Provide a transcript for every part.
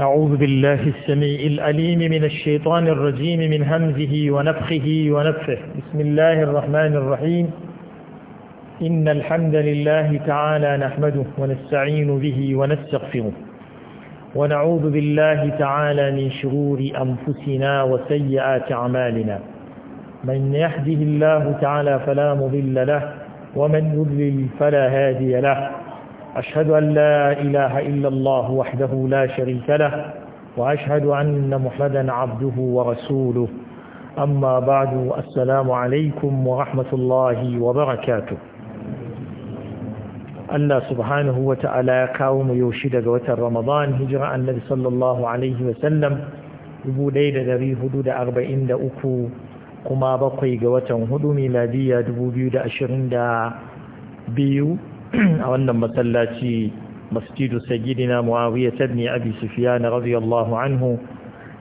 أعوذ بالله السميع الأليم من الشيطان الرجيم من همزه ونفخه ونفخه بسم الله الرحمن الرحيم إن الحمد لله تعالى نحمده ونستعين به ونستغفره ونعوذ بالله تعالى من شرور أنفسنا وسيئات أعمالنا من يهده الله تعالى فلا مضل له ومن يضلل فلا هادي له أشهد أن لا إله إلا الله وحده لا شريك له وأشهد أن محمدا عبده ورسوله أما بعد السلام عليكم ورحمة الله وبركاته الله سبحانه وتعالى كاوم يوشد قوات رمضان هجر النبي صلى الله عليه وسلم يبو ليلة ذري حدود أربعين دا أكو كما بقي قوات هدو ميلادية دبو بيو أشرين دا بيو a wannan masallaci masjidu sayyidina muawiya tabni abi sufyan radiyallahu anhu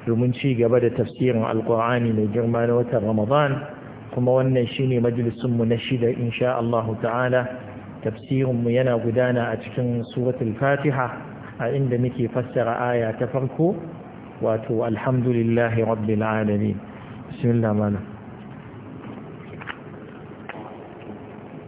domin ci gaba da tafsirin alqur'ani mai girma na watan ramadan kuma wannan shine majalisun mu na shida insha Allah ta'ala tafsirin mu yana gudana a cikin suratul fatiha a inda muke fassara aya ta farko wato alhamdulillahi rabbil alamin bismillah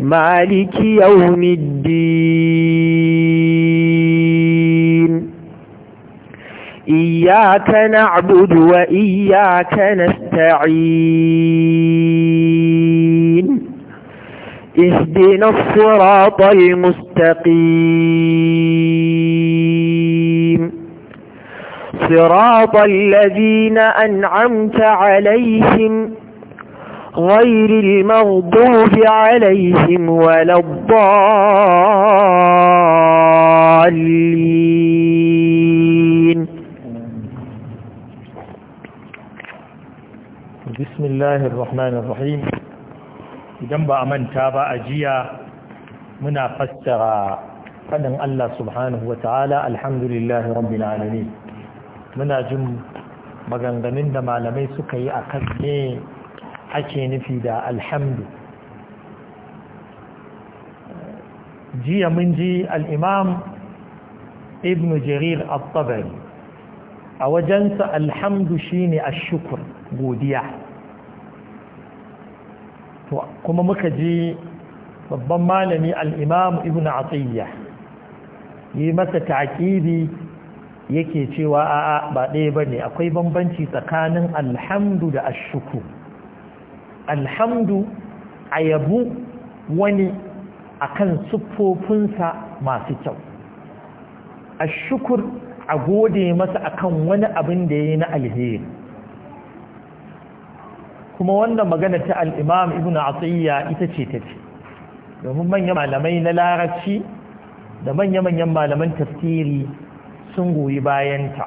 مالك يوم الدين إياك نعبد وإياك نستعين اهدنا الصراط المستقيم صراط الذين أنعمت عليهم غير المغضوب عليهم ولا الضالين بسم الله الرحمن الرحيم جنب أمن تابع أجيا منا فسر فلن الله سبحانه وتعالى الحمد لله رب العالمين منا جم maganganin da malamai suka yi ake nufi da alhamdu jiya mun ji al'imam ibn jarir al-tabari a wajensa alhamdu shine shukur godiya kuma muka ji babban malami al'imam ibn atiyya yi masa taƙiri yake cewa a'a ba ɗaya ba ne akwai bambanci tsakanin alhamdu da ashukur alhamdu a yabu wani a kan siffofinsa masu kyau a shukur a gode masa akan wani abin da ya yi na alheri kuma wannan magana ta al'imam ibn atiyya ita ce ta ce domin manyan malamai na larabci da manya-manyan malaman tafsiri sun goyi bayanta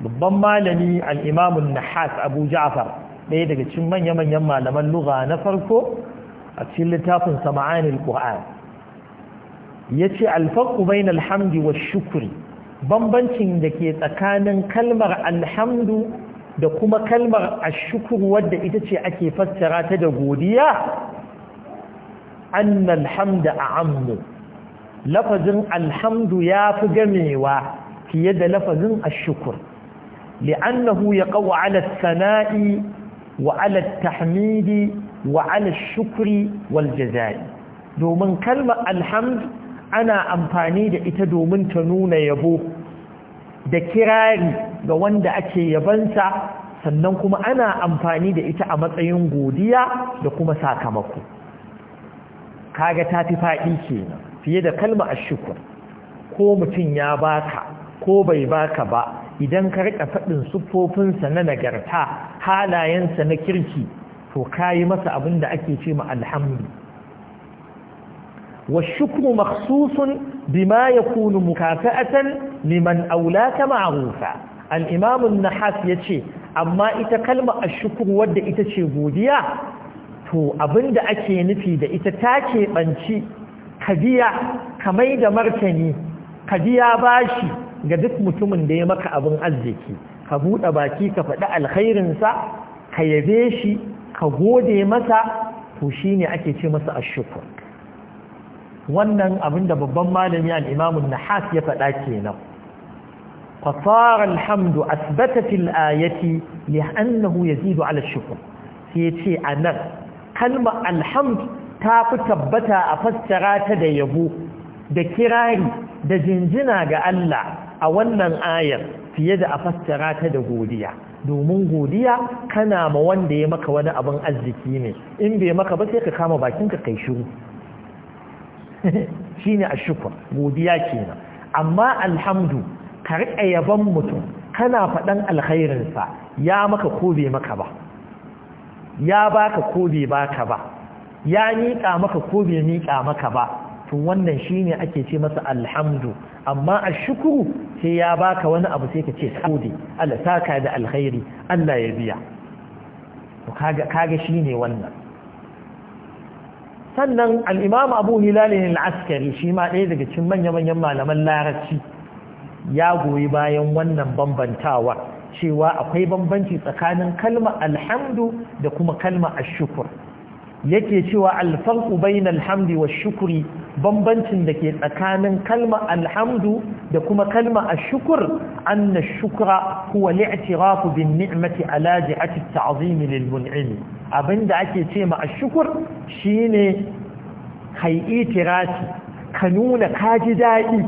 babban malami al'imamun nahas abu ja'far ɗaya daga cin manya-manyan malaman lura na farko a cikin littafin Ya ce yace bai bainal alhamdu wa shukuri bambancin da ke tsakanin kalmar alhamdu da kuma kalmar shukuru wadda ita ce ake fassara ta da godiya an alhamdu a amnu lafazin alhamdu ya fi gamewa fiye da lafazin ashukru li'annahu ya 'ala as-sana'i وعلى التحميد وعلى الشكر والجزاء domin kalma alhamd ana amfani da ita domin ta nuna yabo da kirari ga wanda ake yabansa sannan kuma ana amfani da ita a matsayin godiya da kuma sakamako kaga ta fi faɗi kenan fiye da kalmar ashukur ko mutum ya baka ko bai baka ba idan ka riƙa faɗin siffofinsa na nagarta halayensa na kirki to kayi masa abin da ake ce ma alhamdu wa shukru makhsusun bima yakunu mukafa'atan liman ta ma'rufa al-imam an-nahas yace amma ita kalma a Shukru wadda ita ce godiya to abinda ake nufi da ita take banci kadiya kamai da martani kadiya bashi ga duk mutumin da ya maka abin arziki ka buɗe baki ka faɗi alkhairinsa ka yabe shi ka gode masa to shi ne ake ce masa ashukur wannan abin da babban malami al'imamun nahas ya faɗa kenan fasar alhamdu asbatatil ayati li'annahu yazidu ala shukur sai ce a nan kalma alhamdu ta fi tabbata a fassara ta da yabo da kirari da jinjina ga Allah a wannan ayar fiye da a fassara ta da godiya domin godiya kana ma wanda ya maka wani abin arziki ne in bai maka ba sai ka kama bakinka kai shiru shine shukwa godiya ke nan. amma alhamdu ka riƙa yaban mutum kana faɗan alkhairinsa ya maka ko bai maka ba ya baka ko bai baka ba ya miƙa maka ko bai miƙa maka ba to wannan shine ake ce masa alhamdu amma a shukuru sai ya baka wani abu sai ka ce saudi Allah saka da alkhairi Allah ya biya to kaga kaga ne wannan sannan al-Imam Abu Hilal al-Askari shi ma ɗaya daga cikin manya-manyan malaman larabci ya goyi bayan wannan bambantawa cewa akwai bambanci tsakanin kalma alhamdu da kuma kalma ashukur. yake cewa alfarku bayin alhamdi wa shukuri bambancin da ke tsakanin kalma alhamdu da kuma kalma ashukur anna shukra huwa li'tirafu bin ni'mati ala jihati ta'zim lil mun'im abinda ake ce ma ashukur shine kai itirafi ka nuna ka ji dadi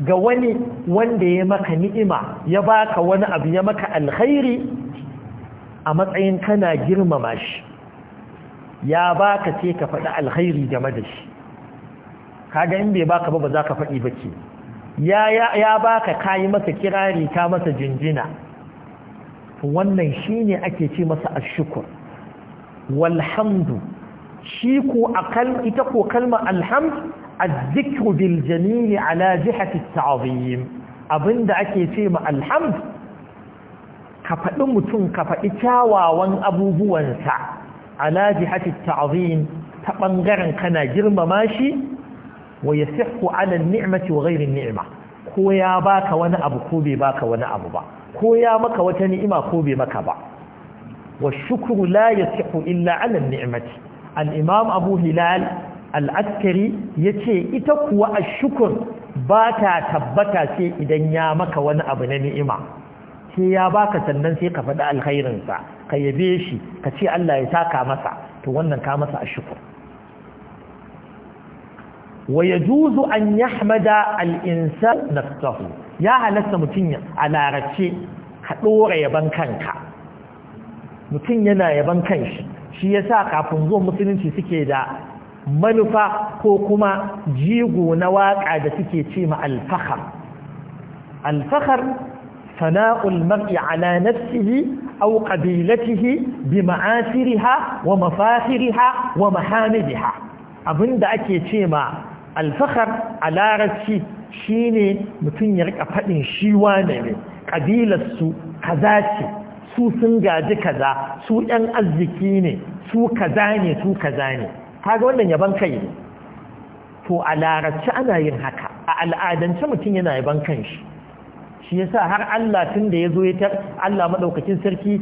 ga wani wanda ya maka ni'ima ya baka wani abu ya maka alkhairi a matsayin kana girmama shi ya baka ce ka faɗi alkhairi game da shi kaga in bai baka ba ba za ka faɗi ba ke ya ba baka kayi masa kirari ta masa jinjina wannan ne ake ce masa ashkur walhamdu shi ko akal ita ko kalma alhamd azzikru bil ala jihati ta'zim abinda ake ce ma alhamd ka faɗi mutum ka faɗi kyawawan abubuwansa ala jihati ta'zim ta bangaren kana girmama shi wa yasihhu ala an-ni'mati wa ghayri an-ni'ma ko ya baka wani abu ko bai baka wani abu ba ko ya maka wata ni'ima ko bai maka ba wa shukru la yasihhu illa ala an-ni'mati al-imam abu hilal al-askari yace ita kuwa ash-shukr ba ta tabbata sai idan ya maka wani abu na ni'ima sai ya baka sannan sai ka faɗi alkhairinsa ka yabe shi ka ce Allah ya taka masa to wannan ka masa ashkur wa yajuzu an yahmada al insa nafsuhu ya halatta mutun ya alarace ka dora yaban kanka mutun yana yaban kanshi shi yasa kafin zuwa musulunci suke da manufa ko kuma jigo na waka da suke ce ma al-fakhar al-fakhar ثناء المرء على نفسه أو قبيلته بمعاثرها ومفاخرها ومحامدها abin da ake ce ma alfahar a shi ne mutum ya rika faɗin shi wane ne ƙabilarsu kaza ce su sun gaji kaza su yan arziki ne su kaza ne su kaza ne ga wannan yaban kai ne to a ana yin haka a al'adance mutum yana yaban kan shi shi yasa har Allah tun da ya zo ya tar Allah maɗaukacin sarki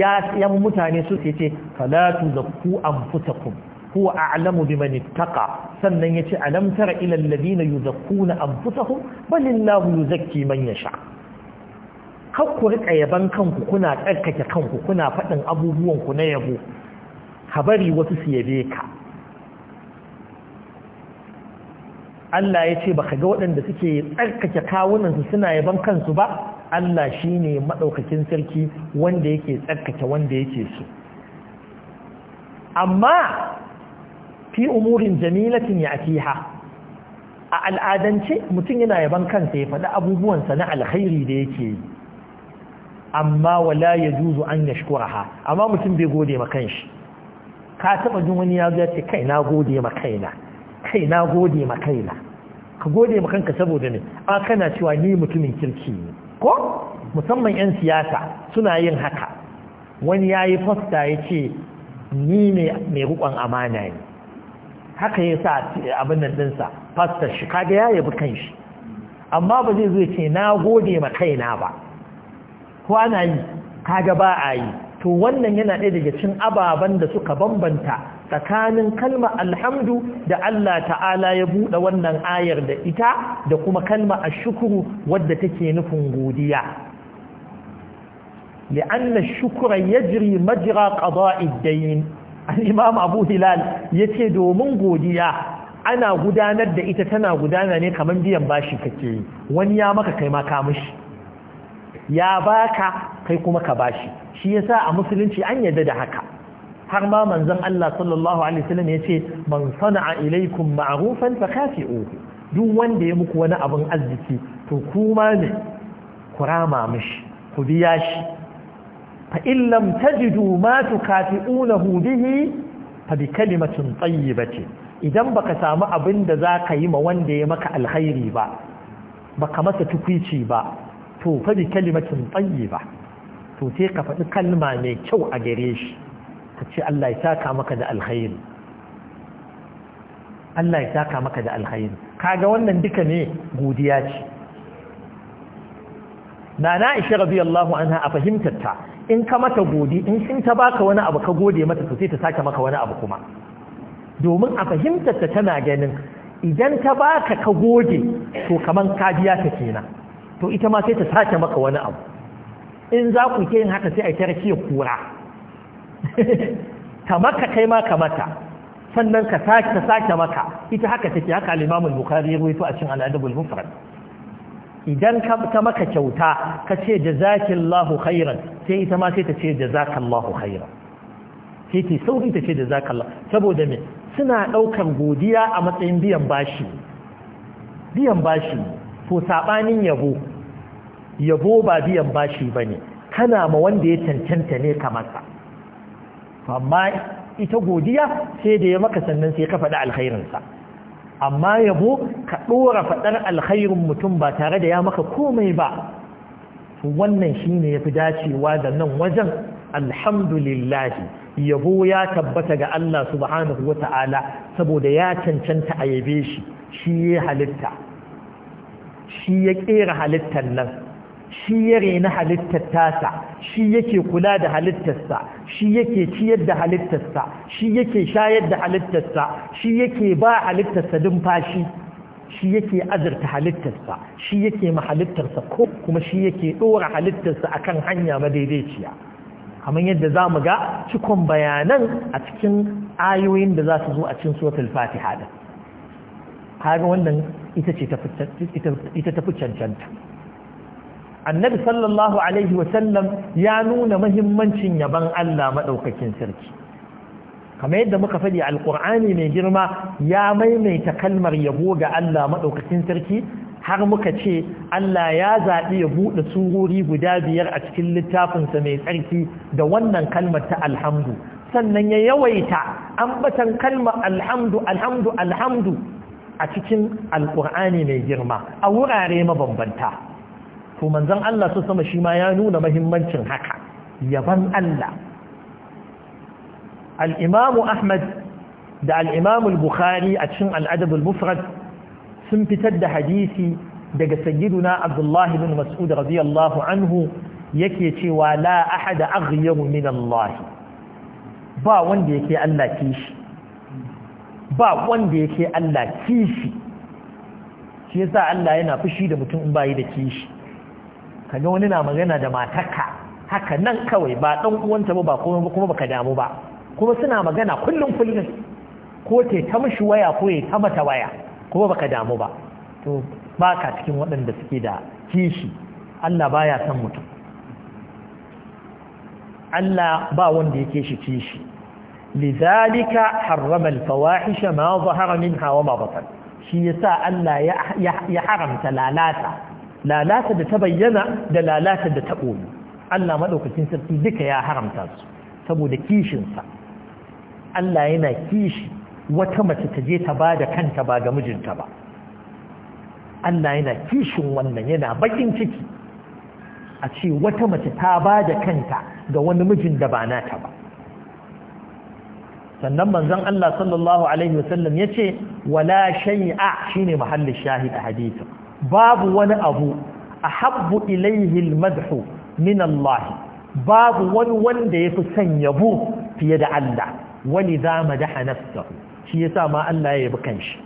ya yan mutane su ce falatu zakku anfusakum huwa a'lamu biman ittaqa sannan yace alam tara ila alladhina yuzakkuna anfusahum balillahu yuzakki man yasha ku rika yaban kanku kuna tsarkake kanku kuna faɗin abubuwan ku na yabo habari wasu su yabe ka Allah ya ce ba ka ga waɗanda suke tsarkake kawunansu suna yaban kansu ba Allah shi ne maɗaukakin sarki wanda yake tsarkake wanda yake su. amma fi umurin jamilatin ya atiha a al'adance mutum yana yaban kansa ya faɗi abubuwansa na alkhairi da yake yi amma wala ya juzu an ya shukuraha amma mutum bai gode ma kan shi. ka taɓa jin wani ya ce kai na gode ma kaina kai na gode ma kaina ka gode ma kanka saboda ne a kana cewa ni mutumin kirki ne ko musamman 'yan siyasa suna yin haka wani ya yi fasta ya ce ni ne mai rukon amana ne haka ya sa abin nan ɗinsa fasta shi kaga ya yabi kan shi amma ba zai zo ce na gode ma kaina ba ko ana yi kaga ba a yi to wannan yana ɗaya daga cin ababen da suka bambanta tsakanin kalma alhamdu da Allah ta'ala ya buɗe wannan ayar da ita da kuma kalma ashukuru wadda take nufin godiya li'anna shukura yajri majra qada'i dayn al-imam Abu Hilal yace domin godiya ana gudanar da ita tana gudana ne kamar biyan bashi kake wani ya maka kai ka mishi ya baka kai kuma ka bashi shi yasa a musulunci an yadda da haka har ma manzon Allah sallallahu alaihi wasallam yace man sana'a ilaykum ma'rufan khafi'u duk wanda ya muku wani abin arziki to kuma ne ku rama mishi ku biya shi fa in lam tajidu ma tukafi'unahu bihi fa bi kalimatin tayyibati idan baka samu abin da zaka yi ma wanda ya maka alkhairi ba baka masa tukwici ba to fa bi kalimatin tayyiba to sai ka faɗi kalma mai kyau a gare shi ka ce Allah ya saka maka da alkhairi Allah ya saka maka da alkhairi kaga wannan duka ne godiya ce nana Aisha radiyallahu anha a fahimtar ta in ka mata godi in kin ta baka wani abu ka gode mata to sai ta saka maka wani abu kuma domin a fahimtar ta tana ganin idan ta baka ka gode to kaman ka biya ta kenan to ita ma sai ta saka maka wani abu in za ku ke yin haka sai a tarkiya kura ka maka kai ma ka mata sannan ka sake maka ita haka take haka al bukari ya rufe a cikin al'adabul adab mufrad idan ka maka kyauta ka ce jazakillahu khairan sai ita ma sai ta ce jazakallahu khairan sai ta sauri ta ce jazakallahu saboda me suna daukar godiya a matsayin biyan bashi biyan bashi to sabanin yabo yabo ba biyan bashi bane kana ma wanda ya cancanta ne ka masa amma ita godiya sai da ya maka sannan sai ka faɗi alkhairinsa amma yabo ka ɗora faɗar alkhairin mutum ba tare da ya maka komai ba wannan shine yafi dacewa da nan wajen Alhamdulillahi, yabo ya tabbata ga Allah subhanahu wata'ala saboda ya cancanta a shi shi ya halitta shi ya kera halittar nan shi ya rena halittar tasa shi yake kula da halittarsa shi yake ciyar da halittarsa shi yake shayar da halittarsa shi yake ba halittarsa fashi, shi yake azurta halittarsa shi yake ma halittarsa ko kuma shi yake ɗora halittarsa akan hanya madaidaiciya kamar yadda za mu ga cikon bayanan a cikin ayoyin da za su zo a cikin suratul fatiha da kaga wannan ita ce ta fi cancanta annabi sallallahu alaihi wasallam ya nuna mahimmancin yaban Allah maɗaukakin sarki kamar yadda muka faɗi alƙur'ani mai girma ya maimaita kalmar yabo ga Allah maɗaukakin sarki har muka ce Allah ya zaɓi ya buɗe sururi guda biyar a cikin littafinsa mai tsarki da wannan kalmar ta alhamdu sannan ya yawaita ambatan kalmar alhamdu alhamdu alhamdu a cikin alƙur'ani mai girma a wurare mabambanta to manzon Allah su sama shi ma ya nuna mahimmancin haka yaban Allah al-Imam Ahmad da al-Imam al-Bukhari a cikin al-Adab al-Mufrad sun fitar da hadisi daga sayyiduna Abdullah ibn Mas'ud radiyallahu anhu yake cewa la ahada aghyaru min Allah ba wanda yake Allah kishi ba wanda yake Allah kishi shi yasa Allah yana fushi da mutum in bai da kishi kaga wani na magana da matarka haka nan kawai ba dan uwanta ba kuma baka damu ba kuma suna magana kullum kullum ko te ta mishi waya ko ta mata waya kuma baka damu ba to baka cikin waɗanda suke da kishi Allah baya son mutum Allah ba wanda yake shi kishi لذلك حرم الفواحش ما ظهر منها وما بطن shi yasa Allah ya haramta lalata lalata da ta bayyana da lalata da ta ɓoye Allah maɗaukacin sarki duka ya haramta su saboda kishinsa Allah yana kishi wata mace ta je ta ba da kanta ba ga mijinta ba Allah yana kishin wannan yana bakin ciki a ce wata mace ta ba da kanta ga wani mijin da ba nata ba sannan manzon Allah sallallahu alaihi wasallam yace wala shay'a shine mahallin shahid a hadisin babu wani abu ahabbu ilayhi almadhu min Allah babu wani wanda yafi son yabo fiye da Allah wani za madaha nafsahu shi yasa ma Allah ya yabi kanshi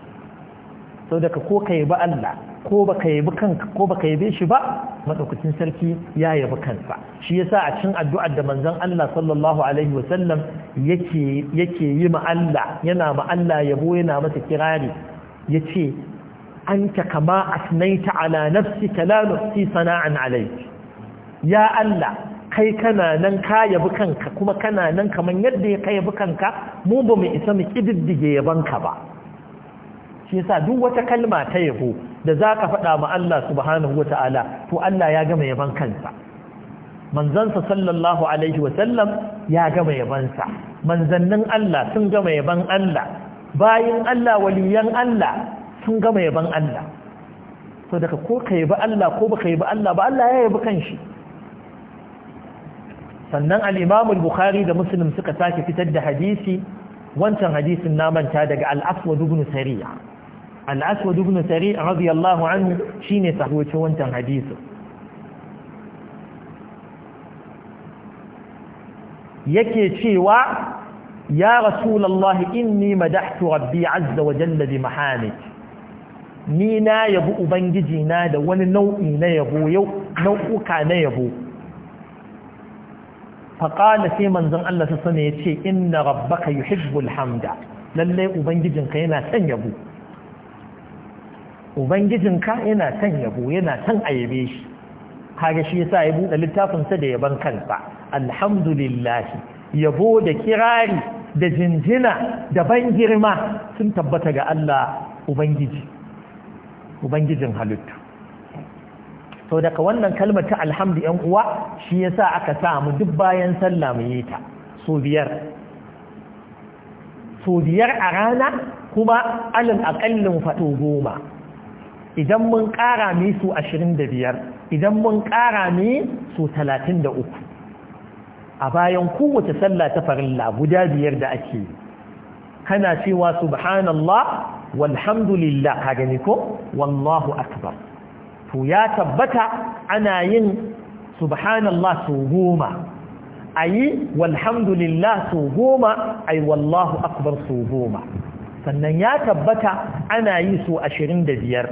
sau daga ko ka yabi Allah ko baka yabi kanka ko baka yabe shi ba madaukakin sarki ya yabi kansa shi yasa a cikin addu'ar da manzon Allah sallallahu alaihi wasallam yake yake yi ma Allah yana ma Allah yabo yana masa kirari yace anta kama asnaita ala nafsika la nuhsi sana'an alayk ya Allah kai kana nan ka yabi kanka kuma kana nan kaman yadda ya kai yabi kanka mu ba mu isa mu kididdige yabanka ba shi yasa duk wata kalma ta yabo da zaka faɗa ma Allah subhanahu wataala to Allah ya gama yaban kansa manzansa sallallahu alaihi sallam ya gama yabansa manzannin Allah sun gama yaban Allah bayin Allah waliyan Allah sun gama yaban Allah so daga ko ka yabi Allah ko baka yabi Allah ba Allah ya yabi kanshi sannan al-Imam al-Bukhari da Muslim suka sake fitar da hadisi wancan hadisin na manta daga al-Aswad ibn Sariya al-Aswad ibn Sariya radiyallahu anhu shine sahihi wancan hadisi yake cewa ya rasulullahi inni madahtu rabbi azza wa jalla bi mahamid ni na yabu ubangiji na da wani nau'i na yabo yau nau'uka na yabo faƙala sai manzon Allah ta sani ya ce inna rabbaka yuhibbul hamda lallai ubangijinka yana son yabo ubangijinka yana san yabo yana san a yabe shi kaga shi yasa ya buɗe littafinsa da yaban kansa alhamdulillah yabo da kirari da jinjina da ban girma sun tabbata ga Allah ubangiji ubangijin halittu so daga wannan kalmar ta alhamdu yan uwa shi yasa aka samu duk bayan sallah mu yi ta so biyar so biyar a rana kuma alal akallin faɗo goma idan mun ƙara ne su ashirin da biyar idan mun ƙara ne su talatin da uku a bayan kowace sallah ta farilla guda biyar da ake kana cewa subhanallah walhamdulillah ka gani ko wallahu akbar to ya tabbata ana yin subhanallah su goma ayi walhamdulillah su goma ayi wallahu akbar su goma sannan ya tabbata ana yi su ashirin da biyar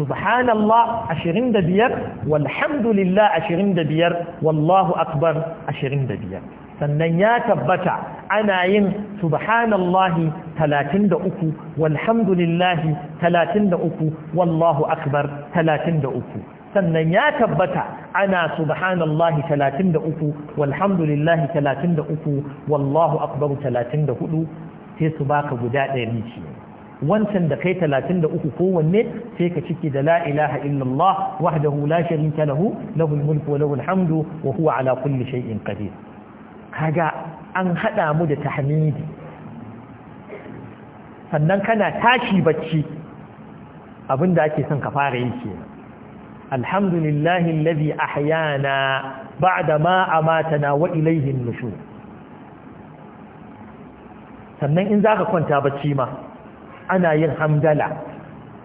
subhanallah ashirin da biyar walhamdulillah ashirin da biyar wallahu akbar ashirin da biyar sannan ya tabbata ana yin subhanallahi 33 walhamdulillahi 33 wallahu akbar 33 sannan ya tabbata ana subhanallahi 33 walhamdulillahi 33 wallahu akbar 34 sai su baka guda ɗaya miki wancan da kai 33 kowanne sai ka ciki da la ilaha illallah wahdahu la sharika lahu lahul wa wa huwa ala kulli shay'in qadir kaga an haɗa mu da tahmidi sannan kana tashi bacci abinda ake son ka fara yi ke alhamdulillahi allazi ahyana ba'da ma amatana wa ilayhi nushur sannan in zaka kwanta bacci ma ana yin hamdala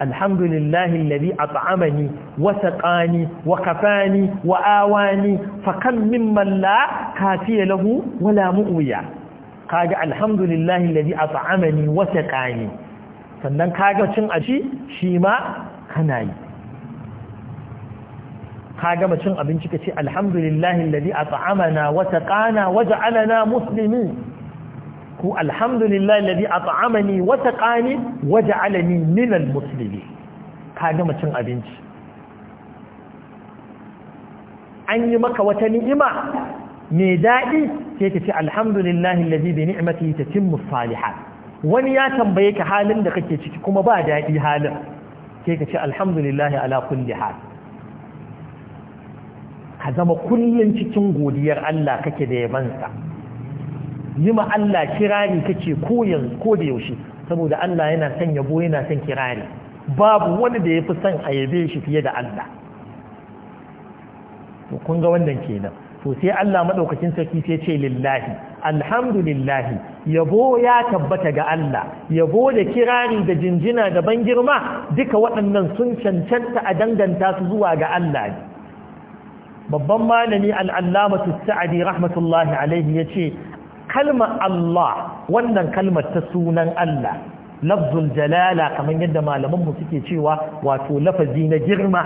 alhamdulillahi lalari a ta'amani wata ƙani wa kafani wa awani fakan min malla kafiye lahu wala mu'uya kaga alhamdulillahi lalari a ta'amani wata ƙani sannan kaga cin aci shi ma kana yi kaga macin abinci ka ce alhamdulillahi lalari a ta'amana wata ƙana waje alana musulmi ku alhamdulillah alladhi at'amani wa taqani wa ja'alani min almuslimin ka gama cin abinci an yi maka wata ni'ima me daɗi sai ka ce alhamdulillah alladhi bi ni'mati tatimmu salihat wani ya tambaye ka halin da kake ciki kuma ba daɗi halin sai ka ce alhamdulillah ala kulli hal ka zama kullum cikin godiyar Allah kake da yabansa yi ma Allah kirari kake ko yanzu ko da yaushe saboda Allah yana son yabo yana son kirari babu wani da yafi son a yabe shi fiye da Allah to kun ga wannan kenan to sai Allah madaukakin sarki sai ce lillahi alhamdulillahi yabo ya tabbata ga Allah yabo da kirari da jinjina da ban girma duka waɗannan sun cancanta a danganta su zuwa ga Allah babban malami al'allamatu sa'adi rahmatullahi alaihi yace kalmar Allah wannan kalmar ta sunan Allah lafzul jalala kamar yadda malamanmu suke cewa wato lafazi na girma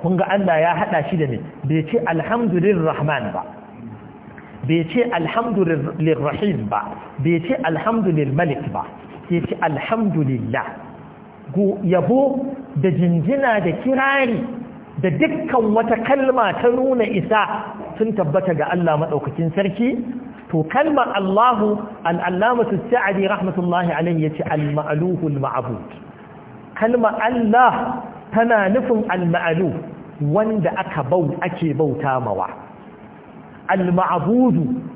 kun ga Allah ya hada shi da ne bai ce alhamdulillah rahman ba bai ce alhamdulillah ba bai ce alhamdulillah ba Bai ce alhamdulillah yabo da jinjina da kirari da dukkan wata kalma ta nuna isa sun tabbata ga Allah maɗaukakin sarki to kalmar Allahu al'allamatu sa'adi rahmatullahi alaihi yace al-ma'luhul ma'bud kalmar Allah tana nufin al-ma'lu wanda aka bau ake bauta mawa al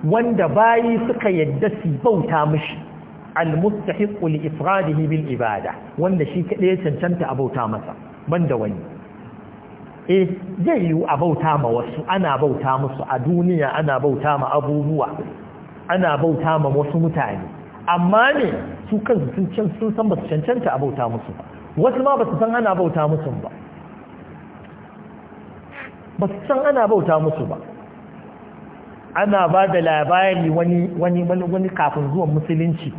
wanda bayi suka yadda su bauta mashi. al-mustahiqu li ibada wanda shi kadai cancanta a bauta masa banda wani eh zai yiwu a bauta ma wasu ana bauta musu a duniya ana bauta ma abubuwa ana bauta ma wasu mutane amma ne su kansu sun sun san ba su cancanta a bauta musu ba wasu ma ba su san ana bauta musu ba ba su san ana bauta musu ba ana ba da labari wani wani wani kafin zuwan musulunci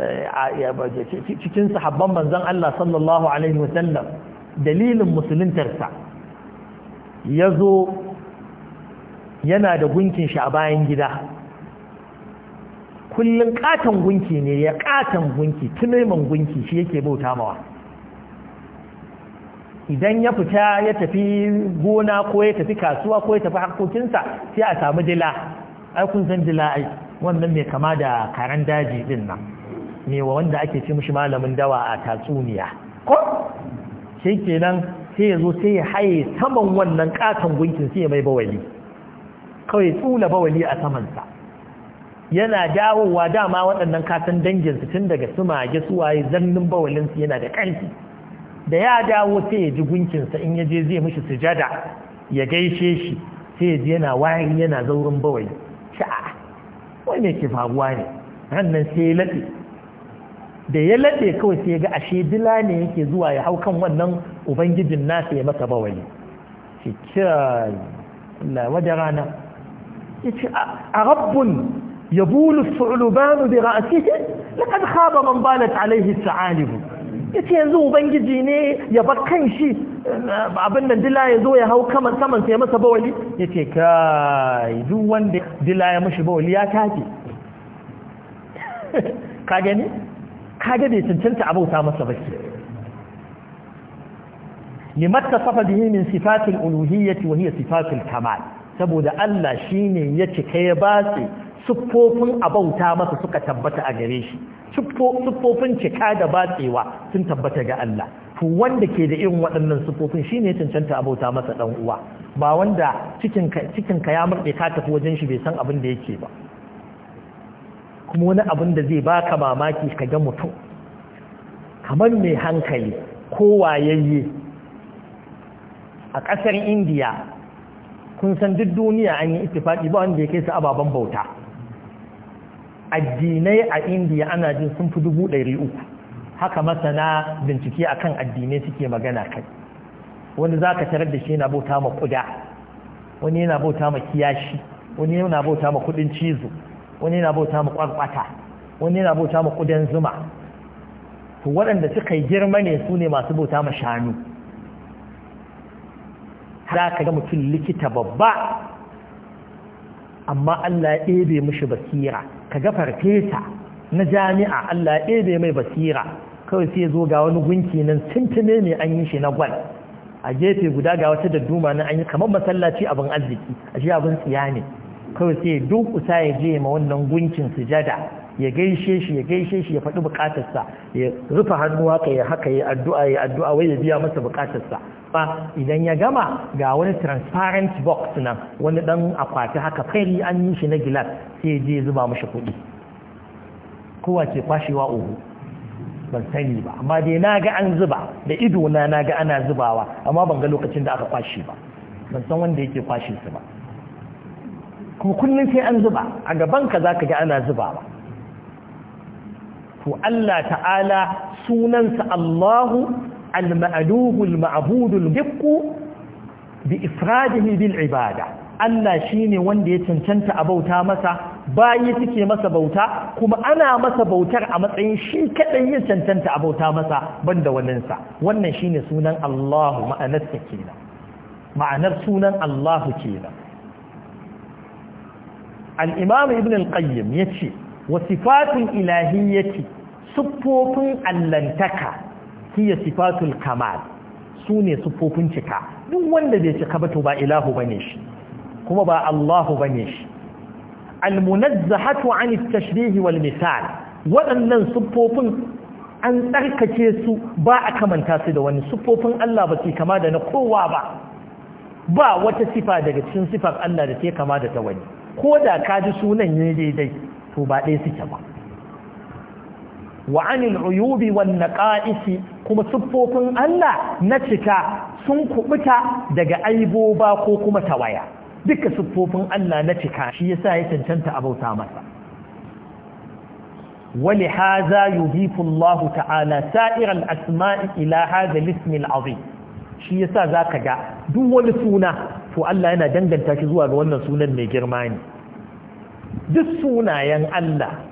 eh, cikin sahabban manzon Allah sallallahu alaihi wasallam dalilin musuluntarsa ya zo yana da gunkin shi a bayan gida kullum katon gunki ne ya katon gunki tuneman gunki shi yake bauta mawa idan ya fita ya tafi gona ko ya tafi kasuwa ko ya tafi harkokinsa sai a samu dila ai kun san dila ai wannan mai kama da karen daji din nan ne wa wanda ake ce mishi malamin dawa a tatsuniya ko sai kenan sai ya zo sai ya haye saman wannan katon gunkin sai ya mai bawali kawai tsula bawali a samansa yana dawowa dama waɗannan katon danginsu tun daga sumage mage su waye zannin bawalinsu yana da ƙarfi da ya dawo sai ya ji gunkinsa in ya je zai mishi sujada ya gaishe shi sai ya ji yana wari yana zaurin bawali sha'a wai me ke faruwa ne Hannan sai ya laɗe da ya laɗe kawai sai ya ga ashe dila ne yake zuwa ya hau kan wannan ubangijin nasa ya masa bawali shi kira Allah rana ya ce a rabbun يبول الثعلبان برأسه لقد خاب من بانت عليه الثعالب يتي ينزو بنجي ني يبكن شي ابن من دلا يزو يا هو كما كما سي مسا بولي يتي كاي دو وان دلا يا مشي بولي يا كاجي كاجني كاجي تنتنت ابو سامو سبكي لما اتصف به من صفات الالوهيه وهي صفات الكمال سبو ده الله شيني يتي كيباسي siffofin abauta masa suka tabbata a gare shi siffofin cika da batsewa sun tabbata ga Allah to wanda ke da irin waɗannan siffofin shine ya cancanta abauta masa dan uwa ba wanda cikin ka cikin ka ya murde ka tafi wajen shi bai san abin da yake ba kuma wani abin da zai baka mamaki ka ga mutum kamar mai hankali ko wayayye a ƙasar indiya kun san duk duniya an yi faɗi, ba wanda ya kai su ababen bauta addinai a indiya ana jin sun fi dubu ɗari uku haka masana bincike a kan addinai suke magana kai wani za ka tarar da shi yana bauta ma kuda wani yana bauta ma kiyashi wani yana bauta ma kudin cizo wani yana bauta ma kwakwata wani yana bauta ma kudan zuma to waɗanda suka yi girma ne su ne masu bauta ma shanu za ka ga mutum likita babba amma Allah ya ɗebe mishi basira ka ga farfesa na jami'a Allah ya ɗebe mai basira kawai sai zo ga wani gunki nan tintine ne an yi shi na gwal a gefe guda ga wata dadduma na an yi kamar masallaci abin arziki a shi abin tsiya ne kawai sai duk usa ya je ma wannan gunkin sujada ya gaishe shi ya gaishe shi ya faɗi sa ya rufe hannu haka ya haka ya addu'a ya addu'a wai ya biya masa buƙatarsa ba idan ya gama ga wani transparent box nan wani ɗan akwati haka fari an yi shi na gilas sai je zuba mashi kuɗi kowa ce kwashewa uhu ban sani ba amma dai na ga an zuba da ido na na ga ana zubawa amma ban ga lokacin da aka kwashe ba ban san wanda yake kwashe su ba kuma kullum sai an zuba a gaban ka zaka ga ana zubawa to Allah ta'ala sunansa Allahu al-ma'luhul ma'budul haqq bi ifradihi bil ibada Allah shine wanda ya cancanta a bauta masa bayi suke masa bauta kuma ana masa bautar a matsayin shi kadai ya cancanta a bauta masa banda waninsa wannan shine sunan Allahu kenan ma'anar sunan Allahu kenan al-Imam Ibn al-Qayyim yace wa sifatul ilahiyyati siffofin allantaka hiya sifatul kamal su ne cika duk wanda bai cika ba to ba ilahu bane shi kuma ba Allahu bane shi almunazzahatu an at tashbih wal misal waɗannan siffofin an tsarkake su ba a kamanta su da wani siffofin Allah ba su kama da na kowa ba ba wata sifa daga cikin sifar Allah da ke kama da ta wani ko da ka ji sunan yayi daidai to ba ɗaya suke ba wa anil uyubi wan kuma siffofin Allah na cika sun kubuta daga aiboba ko kuma ta waya. duka siffofin Allah na cika shi yasa ya cancanta abauta masa Wani haza yuhifu Allahu ta'ala sa'iran asma'i ila da lismin ism shi azim shi yasa ka ga duk wani suna to Allah yana danganta shi zuwa ga wannan sunan mai girma ne duk sunayen Allah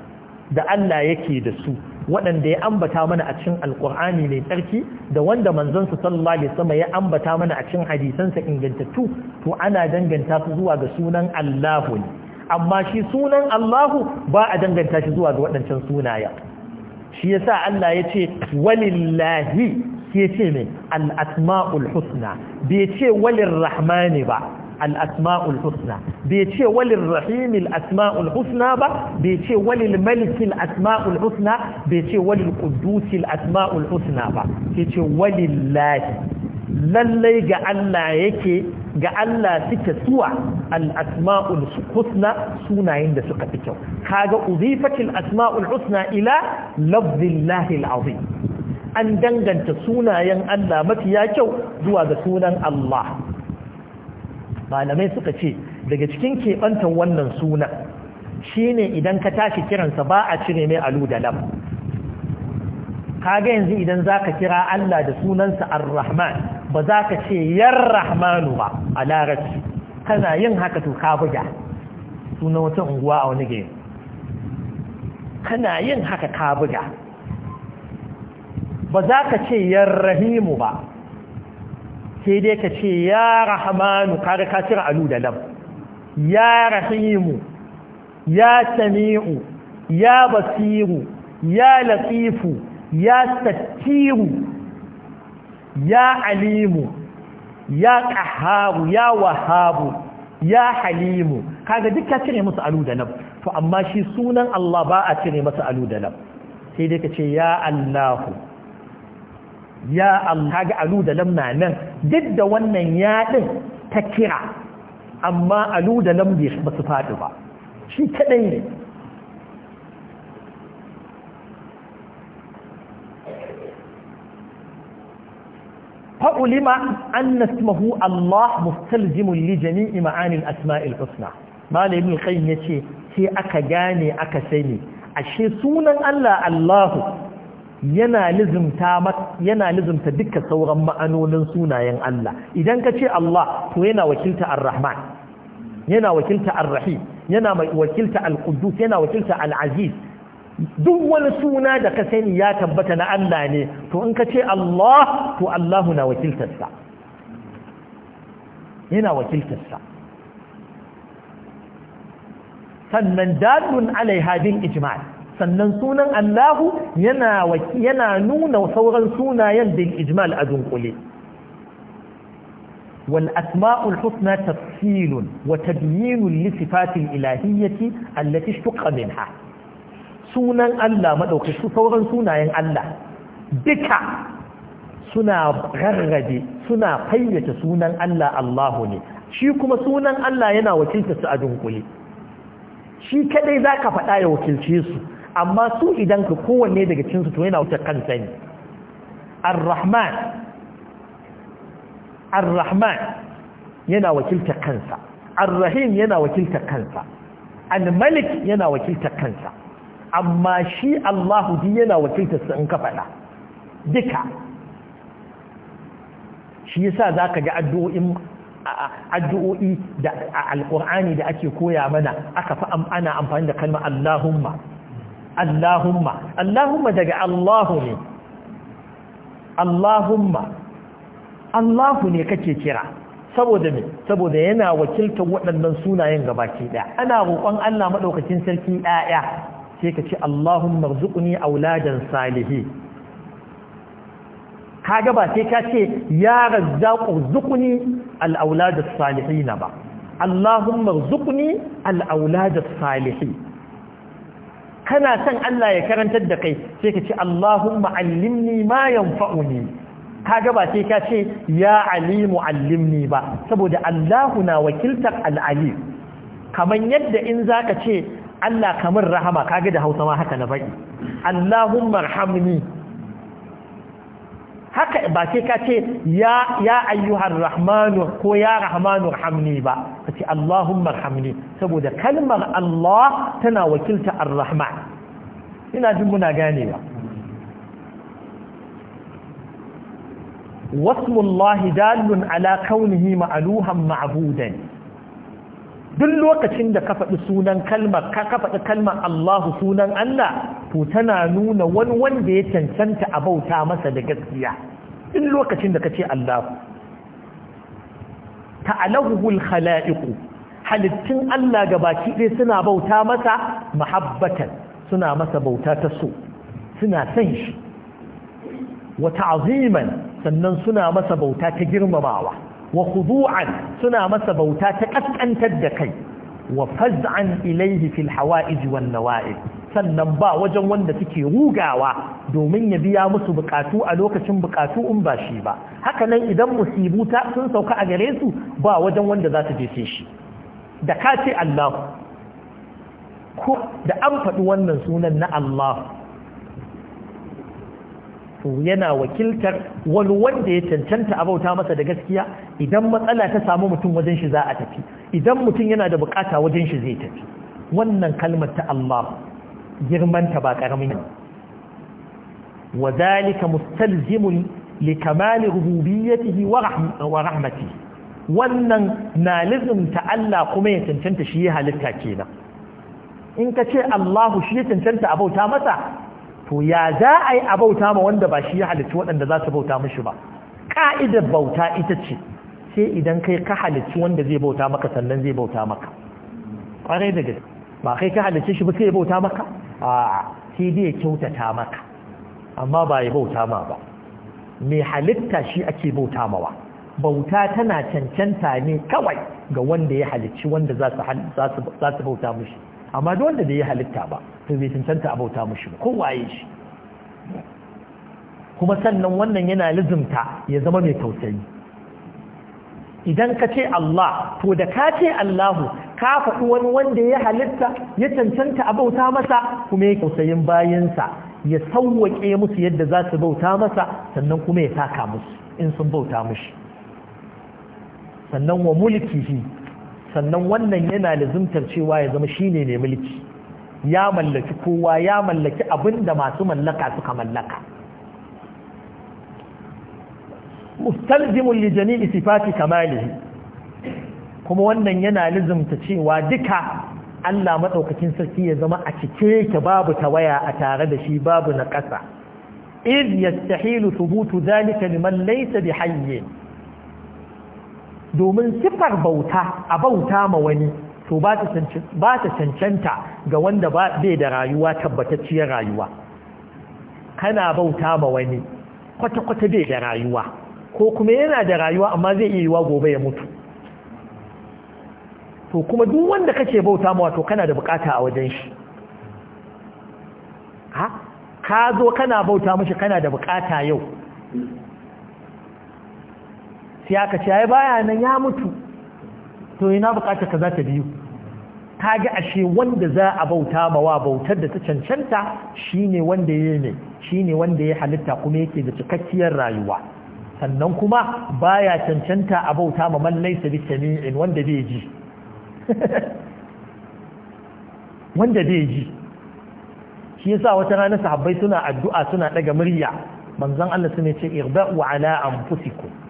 da Allah yake da su waɗanda ya ambata mana a cikin Alƙur'ani mai tsarki da wanda su sallallahu alaihi wasallam ya ambata mana a cikin hadisansa ingantattu to ana danganta su zuwa ga sunan Allahu ne amma shi sunan Allahu ba a danganta shi zuwa ga waɗancan sunaya shi yasa Allah ya ce walillahi ke ce ne al-asma'ul husna bai ce rahmani ba al-asma'ul husna bai ce walin rahimil asmaul husna ba bai ce walin malikin asmaul husna bai ce walin kudusil asmaul husna ba sai ce lahi lallai ga Allah yake ga Allah suke suwa al husna sunayen da suka fi kyau kaga uzifacin asma'ul husna ila lafzin lahil azim an danganta sunayen Allah mafiya kyau zuwa ga sunan Allah malamai suka ce daga cikin keɓantar wannan suna shine idan ka tashi kiransa ba a cire mai alu da lam kaga yanzu idan za ka kira Allah da sunansa ar-rahman ba za ka ce yar rahmanu ba a larabci kana yin haka to ka buga sunan wata unguwa a wani gari kana yin haka ka buga ba za ka ce yar rahimu ba sai dai ka ce ya rahamanu kaga ka cire alu da lam ya rahimu ya sami'u ya basiru ya latifu ya tattiru ya alimu ya qaharu ya wahabu ya halimu kaga duk ka cire musu alu da lam to amma shi sunan Allah ba a cire masa alu da lam sai dai ka ce ya Allahu ya Allah ga alu da lamna nan duk da wannan yaɗin ta kira amma alu da lambe ba su faɗi ba shi kaɗai ne fa’ulima an na Allah mustaljimun li jami’i ma’anin asma’il husna Malamin mulkai ya ce sai aka gane aka sani ashe sunan Allah Allahu yana lizumta yana lizumta duka sauran ma'anonin sunayen Allah idan ka ce Allah to yana wakilta Ar-Rahman yana wakilta Ar-Rahim yana wakilta Al-Quddus yana wakilta Al-Aziz duk wani suna da ka sani ya tabbata na Allah ne to in ka ce Allah to Allah na wakiltarsa yana wakiltarsa sannan dalun alaiha bin ijma'i sannan sunan Allahu yana nuna sauran sunayen bil ijmal a dunkule wal asma'ul husna tafsilun wa tadyinun li sifatil ilahiyyati allati ishtaqa minha sunan Allah madauki su sauran sunayen Allah duka suna rarrabe suna fayyace sunan Allah Allahu ne shi kuma sunan Allah yana wakilta su a dunkule shi kadai zaka faɗa ya wakilce su amma su idan ka kowanne daga cinsu to yana wuce kansa ne ar-rahman ar-rahman yana wakilta kansa ar-rahim yana wakilta kansa al-malik yana wakilta kansa amma shi Allahu ji yana wakilta su in ka faɗa duka shi yasa zaka ga addu'o'in addu'o'i da al-qur'ani da ake koya mana aka fa ana amfani da kalmar Allahumma Allahumma Allahumma daga Allahu ne Allahumma Allahu ne kake kira saboda me saboda yana wakiltar waɗannan sunayen gabaki da, ana roƙon Allah madaukakin sarki ɗaya sai ka ce Allahumma rzuqni auladan salihi kaga ba sai ka ce ya razzaq rzuqni al auladas salihin ba Allahumma rzuqni al auladas salihin kana son Allah ya karantar da kai sai ka ce Allahumma allimni ma yanfa'uni kaga ba sai ka ce ya alimu allimni ba saboda Allahu na wakiltar al'alim kaman yadda in zaka ce Allah kamar rahama kaga da Hausa ma haka na baki Allahumma arhamni haka ba sai ka ce ya ya ayyuhar rahmanu ko ya rahmanu rahamni ba ka ce allahumma rahamni saboda kalmar allah tana wakilta ar-rahman ina jin muna ganewa wasmullahi dalun ala kaunihi ma'aluhan ma'budan duk lokacin da ka faɗi sunan kalmar ka ka faɗi kalmar Allahu sunan Allah to tana nuna wani wanda ya cancanta a bauta masa da gaskiya duk lokacin da ka ce Allahu ta'alahu al-khala'iqu halittun Allah baki ɗaya suna bauta masa mahabbatan suna masa bauta ta so suna san shi wa ta'ziman sannan suna masa bauta ta girmamawa wa khudu'an suna masa bauta ta kaskantar da kai wa faz'an ilayhi fil hawa'ij wan sannan ba wajen wanda suke rugawa domin ya biya musu bukatu a lokacin bukatu in ba shi ba haka nan idan musibu ta sun sauka a gare su ba wajen wanda za su je sai shi da ka ce Allah ko da an faɗi wannan sunan na Allah yana wakiltar wani wanda ya cancanta a bauta masa da gaskiya idan matsala ta samu mutum wajen shi za a tafi idan mutum yana da bukata wajen shi zai tafi wannan kalmar ta Allah girmanta ba karamin wa zalika mustalzimun li kamali rububiyyatihi wa rahmatihi wannan na ta Allah kuma ya cancanta shi ya halitta kenan in ka ce Allahu shi ya cancanta a bauta masa to ya za a yi a bauta ma wanda ba shi ya halitta waɗanda za su bauta mashi ba ƙa'idar bauta ita ce sai idan kai ka halicci wanda zai bauta maka sannan zai bauta maka ƙwarai da gaske ba kai ka halicci shi ba sai ya bauta maka a sai dai ya kyautata maka amma ba ya bauta ma ba mai halitta shi ake bauta mawa bauta tana cancanta ne kawai ga wanda ya halicci wanda za su bauta mashi. amma da wanda bai yi halitta ba to bai cancanta bauta mushi ba kowaye shi kuma sannan wannan yana lizimta ya zama mai tausayi idan ka ce Allah to da ka ce Allahu ka faɗi wani wanda ya halitta ya cancanta a bauta masa kuma ya tausayin bayansa ya sauwaƙe musu yadda za su bauta masa sannan kuma ya saka musu in sun bauta mushi sannan wa mulkihi sannan wannan yana lazimtar cewa ya zama shine ne mulki ya mallaki kowa ya mallaki abin da masu mallaka suka mallaka mustalzimun li jami'i sifati kamalihi kuma wannan yana lazimta cewa duka Allah maɗaukakin sarki ya zama a cike yake babu tawaya a tare da shi babu na ƙasa iz yastahilu thubutu zalika liman laysa bihayyin domin sifar bauta a bauta ma wani to ba ta cancanta ga wanda bai da rayuwa tabbatacciyar rayuwa kana bauta ma wani kwata-kwata bai da rayuwa ko kuma yana da rayuwa amma zai iya yiwa gobe ya mutu to kuma duk wanda kake bauta ma wato kana da bukata a wajen shi ha ka zo kana bauta mashi kana da bukata yau sai aka ce ai baya nan ya mutu to ina bukata za ta biyu kaga ashe wanda za a bauta ma wa bautar da ta cancanta shine wanda yake ne shine wanda ya halitta kuma yake da cikakkiyar rayuwa sannan kuma baya cancanta a bauta ma man bi in wanda bai ji wanda bai ji shi yasa wata rana sahabbai suna addu'a suna daga murya manzon Allah sune ce irba'u ala anfusikum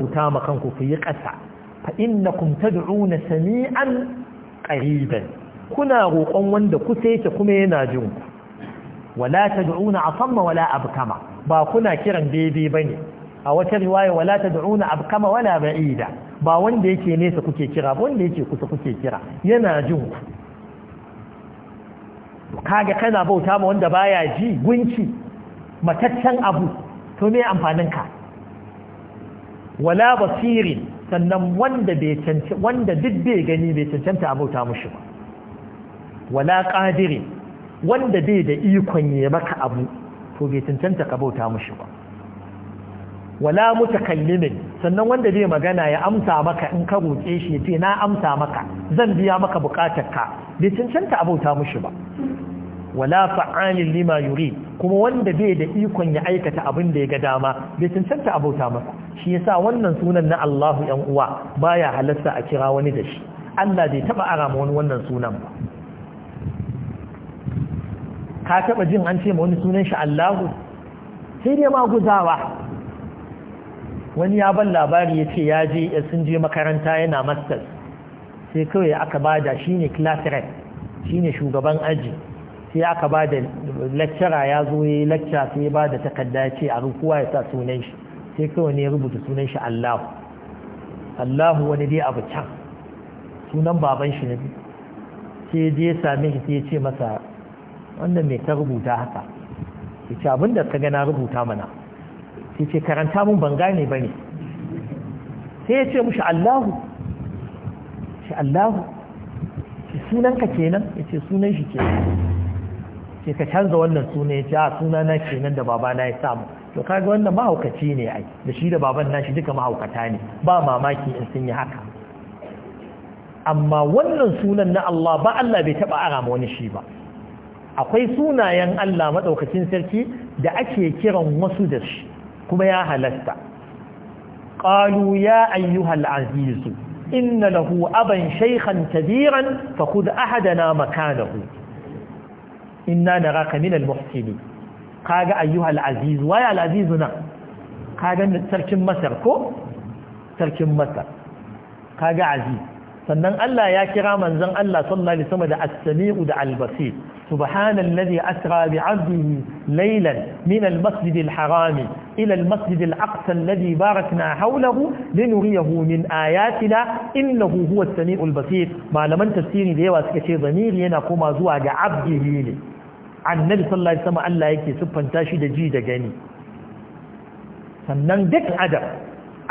rubuta ma kanku ku yi ƙasa fa innakum tad'una sami'an qariban kuna roƙon wanda kusa yake kuma yana jin ku wala tad'una asamma wala abkama ba kuna kiran daidai bane a wata riwaya wala tad'una abkama wala ba'ida ba wanda yake nesa kuke kira ba wanda yake kusa kuke kira yana jin ku kaga kana bauta ma wanda baya ji gunci mataccen abu to me amfanin ka wala basirin sannan wanda bai cancanta wanda duk bai gani bai cancanta bauta mushi ba wala qadirin wanda bai da ikon ya maka abu to bai cancanta ka bauta mushi ba wala mutakallimin sannan wanda bai magana ya amsa maka in ka roƙe shi ya ce na amsa maka zan biya maka bukatarka bai cancanta bauta mushi ba wala fa'alin lima yuri kuma wanda bai da ikon ya aikata abin da ya ga dama bai cancanta abota masa shi yasa wannan sunan na Allahu yan uwa baya halarta a kira wani da shi Allah bai taba arama wani wannan sunan ba ka taba jin an ce ma wani sunan shi Allahu sai dai ma guzawa wani ya ban labari ya ce ya je sun je makaranta yana masters sai kawai aka bada shine class rep shine shugaban aji sai aka ba da lecturer ya zo ya yi lecturer sai ya ba da takarda ya ce a rukuwa ya sa sunan shi sai kawai ne ya rubuta sunan shi Allahu Allahu wani dai abu can sunan baban shi ne sai je ya same shi sai ya ce masa wannan mai ta rubuta haka ya ce abin da ka gana rubuta mana sai ce karanta mun ban gane ba ne sai ya ce mushi Allahu shi Allahu sunanka kenan ya ce sunan shi kenan Ke ka canza wannan suna ya ce ah, suna na kenan da babana ya samu to kaga wannan mahaukaci ne ai da shi da baban nashi duka mahaukata ne ba mamaki in sun yi haka amma wannan sunan na Allah ba Allah bai taba ara ma wani shi ba akwai sunayen Allah madaukakin sarki da ake kiran wasu da shi kuma ya halasta qalu ya ayyuhal aziz inna lahu aban shaykhan kabiran fa khudh ahadana makanahu inna na raka minal na sarkin masar sannan Allah ya kira manzon Allah sallallahu alaihi wasallam da as-sami'u da albasir. Subhana subhanalladhi asra bi'abdihi laylan min al-masjid al-haram ila al-masjid al-aqsa alladhi barakna hawlahu linuriyahu min ayatina innahu huwa as-sami'u basir malaman tafsiri da yawa suka ce zamiri yana koma zuwa ga abdihi ne annabi sallallahu alaihi wasallam Allah yake siffanta shi da ji da gani sannan duk adam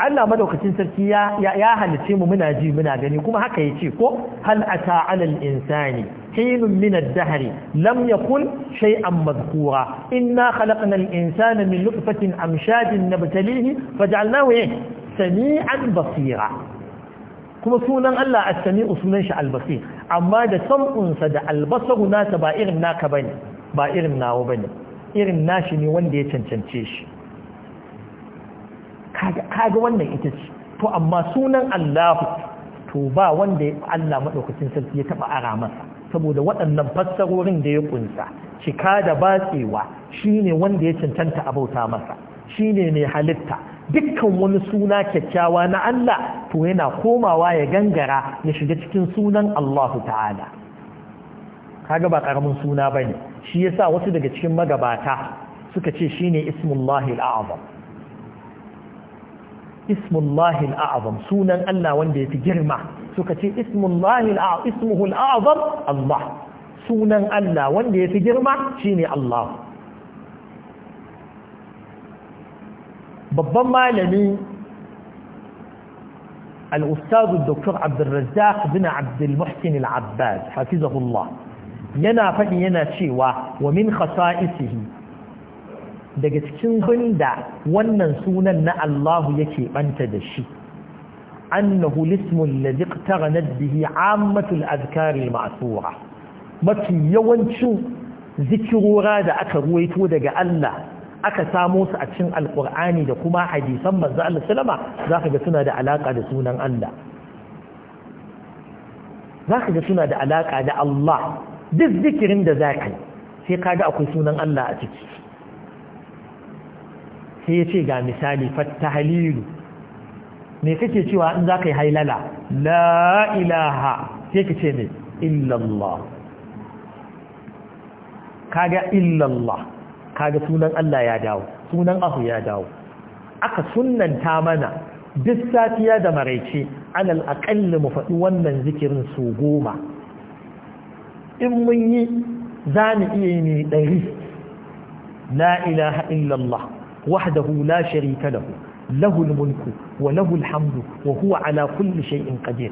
Allah madaukakin sarki ya ya halice mu muna ji muna gani kuma haka yace ko hal ata alal insani hinun min ad-dahri lam yakun shay'an madhkura inna khalaqna al-insana min nutfatin amshajin nabtalihi faj'alnahu eh, basira kuma sunan Allah as-sami'u sunan shi al amma da sam'unsa da albasar nasa ba irin naka bane ba irin nawa ne irin nashi ne wanda ya cancance shi kaga wannan ita ce to amma sunan Allahu to ba wanda Allah maɗaukacin sarki ya taɓa ara masa saboda waɗannan fassarorin da ya kunsa cika da batsewa shine wanda ya cancanta abauta masa shine mai halitta dukkan wani suna kyakkyawa na Allah to yana komawa ya gangara ya shiga cikin sunan Allahu ta'ala kaga ba karamin suna bane shi yasa wasu daga cikin magabata suka ce shine ismullahi al'azam ismullahi al'azam sunan Allah wanda yafi girma suka ce ismullahi al'azam ismuhu al'azam Allah sunan Allah wanda yafi girma shine Allah babban malami الأستاذ الدكتور عبد الرزاق بن عبد المحسن العباد حفظه الله yana faɗi yana cewa wa min khasa'isihi daga cikin bunda wannan sunan na Allahu yake banta da shi annahu lismul ladhi iqtaranat bihi 'ammatul azkari al-ma'thura mafi yawancin zikirora da aka ruwaito daga Allah aka samo su a cikin Alƙur'ani da kuma hadisan manzo Allah sallama zaka ga suna da alaka da sunan Allah zaka ga suna da alaka da Allah duk zikirin da za ka yi sai kaga akwai sunan Allah a ciki sai ya ce ga misali fatta halilu me kake cewa in za ka yi hailala lailaha ilaha sai ka ce ne illallah Ka ga illallah ka ga sunan Allah ya dawo sunan ahu ya dawo aka sunnanta mana duk safiya da maraice alal aƙalli mu faɗi wannan zikirin su goma in mun yi za mu iya yi ne ɗari la ilaha illallah wahdahu la sharika lahu lahul mulku wa lahul hamdu wa huwa ala kulli shay'in qadir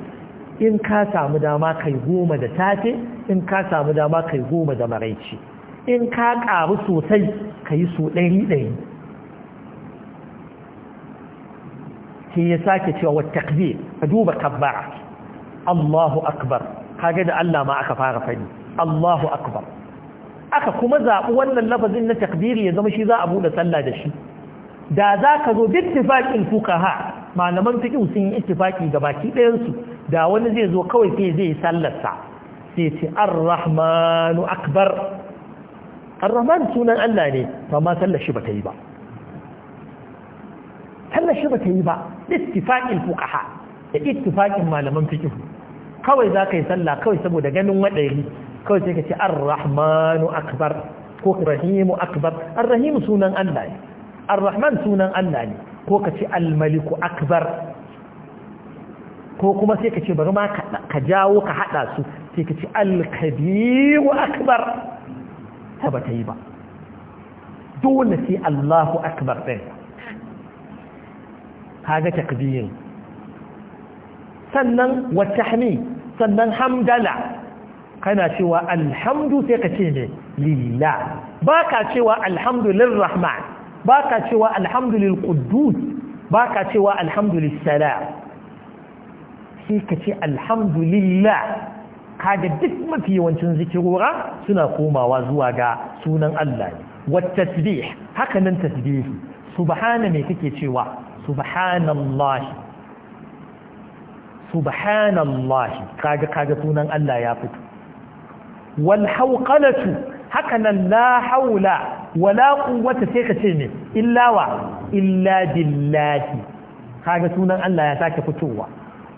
in ka samu dama kai goma da tafe, in ka samu dama kai goma da maraici in ka ƙaru sosai ka yi so ɗari ɗari sai ya sake cewa takbir ka duba kabbara Allahu akbar kaga da Allah ma aka fara fadi Allahu akbar aka kuma zaɓi wannan lafazin na takbiri ya zama shi za a buɗe sallah da shi da za ka zo bittifaƙin fukaha malaman fiƙin sun yi ittifaƙi ga baki ɗayansu da wani zai zo kawai sai zai sallarsa sai ce ar-rahmanu akbar ar-rahman sunan Allah ne ba ma sallar shi yi ba sallar shi ba yi ba ittifaƙin fukaha da ittifaƙin malaman fiƙin kawai za ka yi sallah kawai saboda ganin waɗari kawai sai ka ce ar-rahmanu akbar ko rahimu akbar ar-rahimu sunan Allah ne ar-rahman sunan Allah ne ko ka ce almaliku akbar ko kuma sai ka ce bari ma ka jawo ka haɗa su sai ka ce alkabiru akbar ta ba ta yi ba dole sai Allahu akbar ɗin ka ga takbirin sannan wata hami sannan hamdala kana cewa alhamdu sai ka ce ne lillah ba ka cewa alhamdu rahman ba ka cewa alhamdu lilquddus ba ka cewa alhamdu lissalam sai ka ce alhamdu ka kaga duk mafi yawancin zikirora suna komawa zuwa ga sunan Allah wata tasbih haka nan tasbihi subhana me kake cewa subhanallahi subhanallahi kaga kaga sunan Allah ya fito wal hawqalatu haka nan la haula wala quwwata sai ka ce ne illa wa illa billahi kaga sunan Allah ya sake fitowa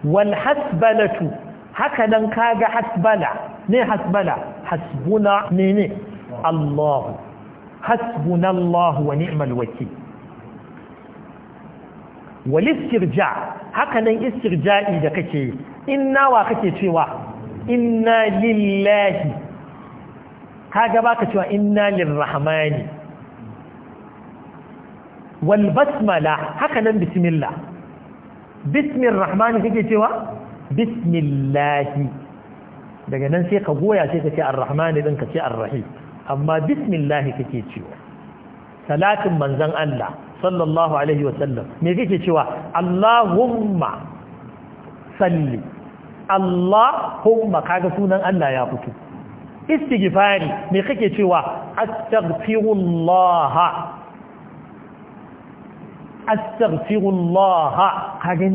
wal hasbalatu haka nan kaga hasbala ne hasbala hasbuna ne ne Allah hasbunallahu wa ni'mal wakil walistirja hakanan istirja'i da kake inna wa kake cewa inna lillahi kaga baka cewa inna lirrahmani wal basmala hakanan bismillah bismir rahmani kake cewa bismillahi daga nan sai ka goya sai ka ce arrahmani din ka ce arrahim amma bismillah kake cewa salatin manzon Allah sallallahu alaihi wasallam me kake cewa Allahumma salli Allahumma kaga sunan Allah ya fito istighfari me kake cewa astaghfirullah astaghfirullah kaga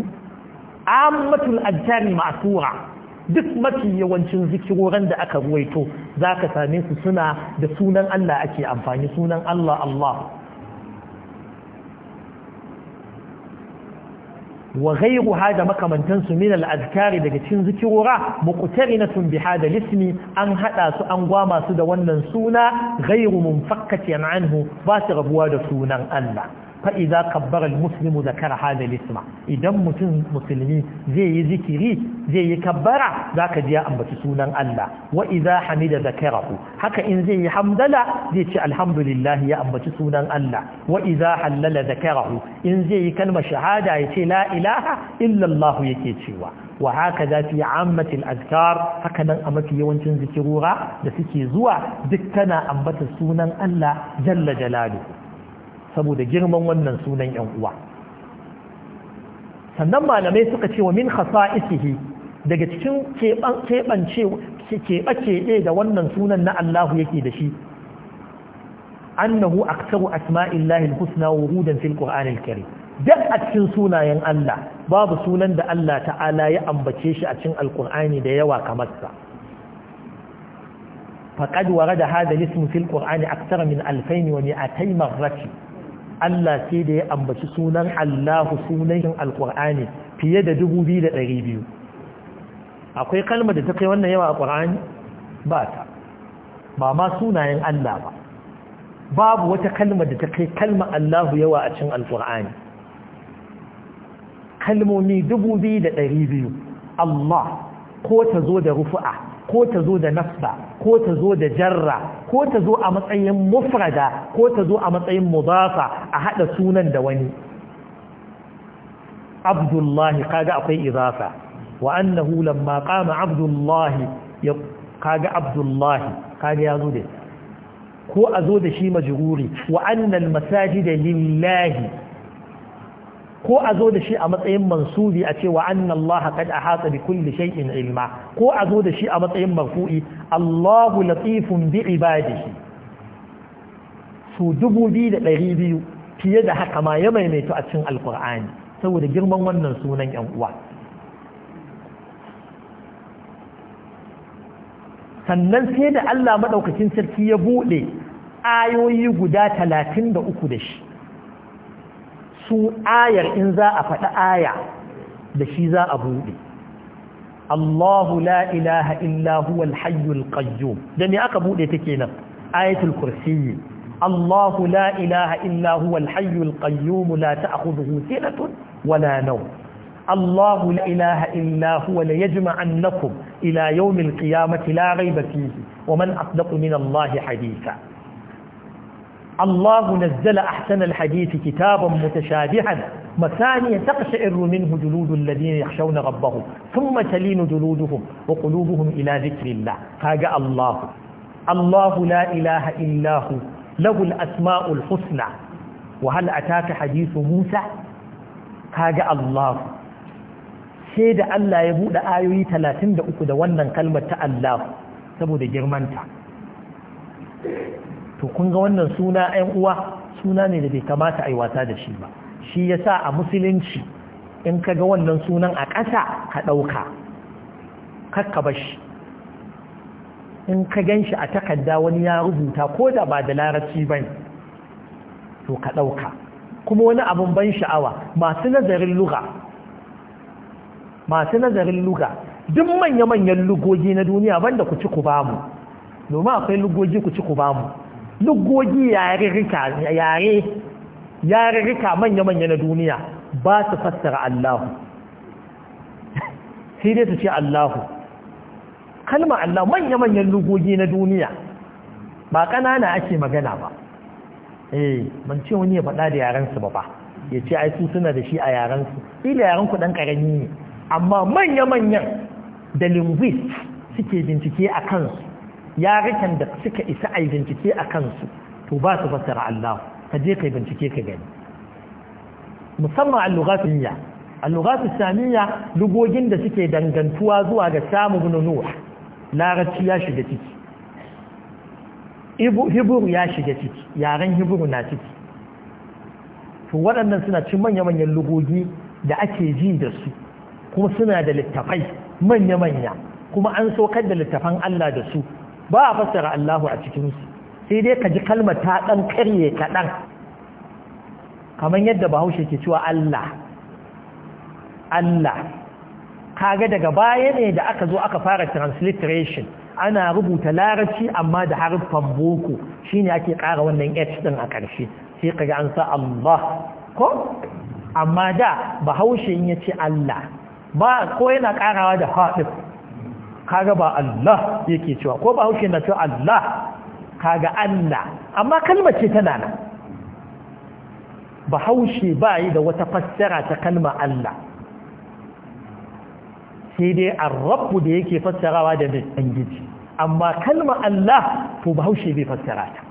ammatul ajami ma'sura duk mafi yawancin zikiroran da aka ruwaito zaka same su suna da sunan Allah ake amfani sunan Allah Allah wa ghayru hada makamantan su min al-azkari daga cikin zikirora muqtarinatun bi hada ismi an hada su an gwama su da wannan suna ghayru munfakkati anhu ba su rabuwa da sunan Allah فإذا كبر المسلم ذكر هذا الاسم إذا متن مسلمي زي ذكري زي كبر ذاك جاء أمبت سونا الله وإذا حمد ذكره حكا إن زي حمد لا زي الحمد لله يا أمبت سونا الله وإذا حلل ذكره إن زي كلمة شهادة يتي لا إله إلا الله يكي شوى وهكذا في عامة الأذكار هكذا أمك يوانتن ذكرورا لسكي زوى ذكنا أمبت سونا الله جل جلاله saboda girman wannan sunan yan uwa sannan malamai suka ce wa min isihi, daga cikin keɓe da wannan sunan na Allahu yake da shi annahu aktaru asma'illahi al-husna wurudan fil qur'an al duk a cikin sunayen Allah babu sunan da Allah ta'ala ya ambace shi a cikin alkur'ani da yawa kamar sa faqad warada hadha al-ism fil qur'ani akthar min 2200 marrati Allah sai da ya ambaci sunan Allahu sunayin qurani fiye da dubu biyu da biyu akwai kalma da ta kai wannan yawa a Qur'ani ba ta ba ma sunayen Allah ba babu wata kalma da ta kai kalma Allahu yawa a Al-Qur'ani kalmomi dubu biyu da biyu Allah ko ta zo da rufu'a ko ta zo da nasba ko ta zo da jarra ko ta zo a matsayin mufrada ko ta zo a matsayin mudafa a hada sunan da wani abdullahi kaga akwai idafa wa annahu lamma qama abdullahi ya kaga abdullahi kaga ya zo da ko a zo da shi majruri wa annal masajida lillahi ko a zo da shi a matsayin mansubi a cewa anna Allah a hatsa bi kulli shay'in ilma ko a zo da shi a matsayin marfu'i Allahu latifun bi ibadihi su dubu biyu da ɗari biyu fiye da haka ma ya maimaito a cikin alkur'ani saboda girman wannan sunan yan uwa sannan sai da Allah madaukakin sarki ya buɗe ayoyi guda talatin da uku da shi su ayar in za a faɗi aya da shi za a buɗe Allahu la ilaha illa huwal hayyul qayyum da me aka buɗe ta kenan ayatul kursiyyi Allahu la ilaha illa huwal hayyul qayyum la ta'khudhuhu sinatun wala nawm Allahu la ilaha illa huwa la yajma'annakum ila yawmil qiyamati la rayba fihi wa man asdaqu min Allahi haditha الله نزل أحسن الحديث كتابا متشابها مثانية تقشعر منه جلود الذين يخشون ربهم ثم تلين جلودهم وقلوبهم إلى ذكر الله هاجا الله الله لا إله إلا هو له الأسماء الحسنى وهل أتاك حديث موسى هاجا الله sai da Allah ya buɗe ayoyi 33 da wannan kalmar ta Allah saboda girmanta to kun ga wannan suna ‘yan uwa suna ne da bai kamata a yi wasa da shi ba shi ya sa a musulunci in ka ga wannan sunan a ƙasa ka ɗauka kakka ba shi in ka gan shi a takarda wani ya rubuta ko da ba da larabci ba to ka ɗauka kuma wani abin ban sha'awa masu nazarin luga masu nazarin luga duk manya-manyan lugogi na duniya banda ku ci ku bamu domin akwai lugogi ku ci ku bamu lugogi yare rika manya-manya na duniya ba su fassara Allahu sai dai su ce Allahu kalmar Allah manya-manyan lugogi na duniya ba ƙanana ake magana ba eh ban ce wani ya faɗa da yarensu ba ba ya ce ai su suna da shi a yarensu ila yaren ku ɗan ƙarami ne amma manya-manyan da linguist suke bincike a kansu yarukan da suka isa a yi bincike a kansu to ba su fassara Allah ka je ka yi bincike ka gani musamman al ya al samiyya lugogin da suke dangantuwa zuwa ga samun ibn larabci ya shiga ciki hiburu ya shiga ciki yaren hiburu na ciki to waɗannan suna cin manya-manyan lugogi da ake ji da su kuma suna da littafai manya-manya kuma an saukar da littafan Allah da su ba a fassara Allahu a cikinsu sai dai ka ji kalmar ta ɗan karye kaɗan kamar yadda bahaushe ke cewa Allah Allah kaga daga baya ne da aka zo aka fara transliteration ana rubuta larabci amma da harfan boko shine ake ƙara wannan h din a ƙarshe sai ga an sa Allah ko amma da bahaushe in yace Allah ba ko yana ƙarawa da haɗin. kaga ba Allah yake cewa ko ba hauke na cewa Allah kaga Allah amma kalmar ce tana nan ba haushi ba yi da wata fassara ta kalmar Allah sai dai arrabu da yake fassarawa da dangiji amma kalmar Allah to ba haushi bai fassara ta